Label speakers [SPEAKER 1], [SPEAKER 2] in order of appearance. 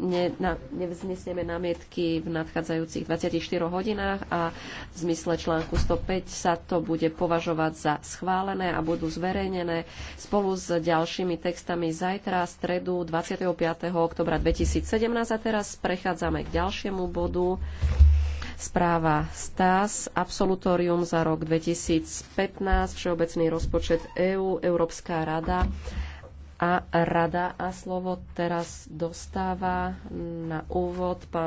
[SPEAKER 1] ne, na, nevznesieme námietky v nadchádzajúcich 24 hodinách a v zmysle článku 105 sa to bude považovať za schválené a budú zverejnené spolu s ďalšími textami zajtra, stredu 25. oktobra 2017. A teraz prechádzame k ďalšiemu bodu. Správa STAS, absolutórium za rok 2015, Všeobecný rozpočet EÚ, Európska rada a rada. A slovo teraz dostáva
[SPEAKER 2] na úvod pán